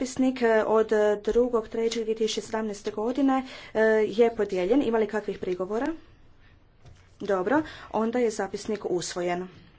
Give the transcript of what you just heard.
zapisnik e, od 2.3.2017. godine e, je podijeljen. Ima li kakvih prigovora? Dobro, onda je zapisnik usvojen.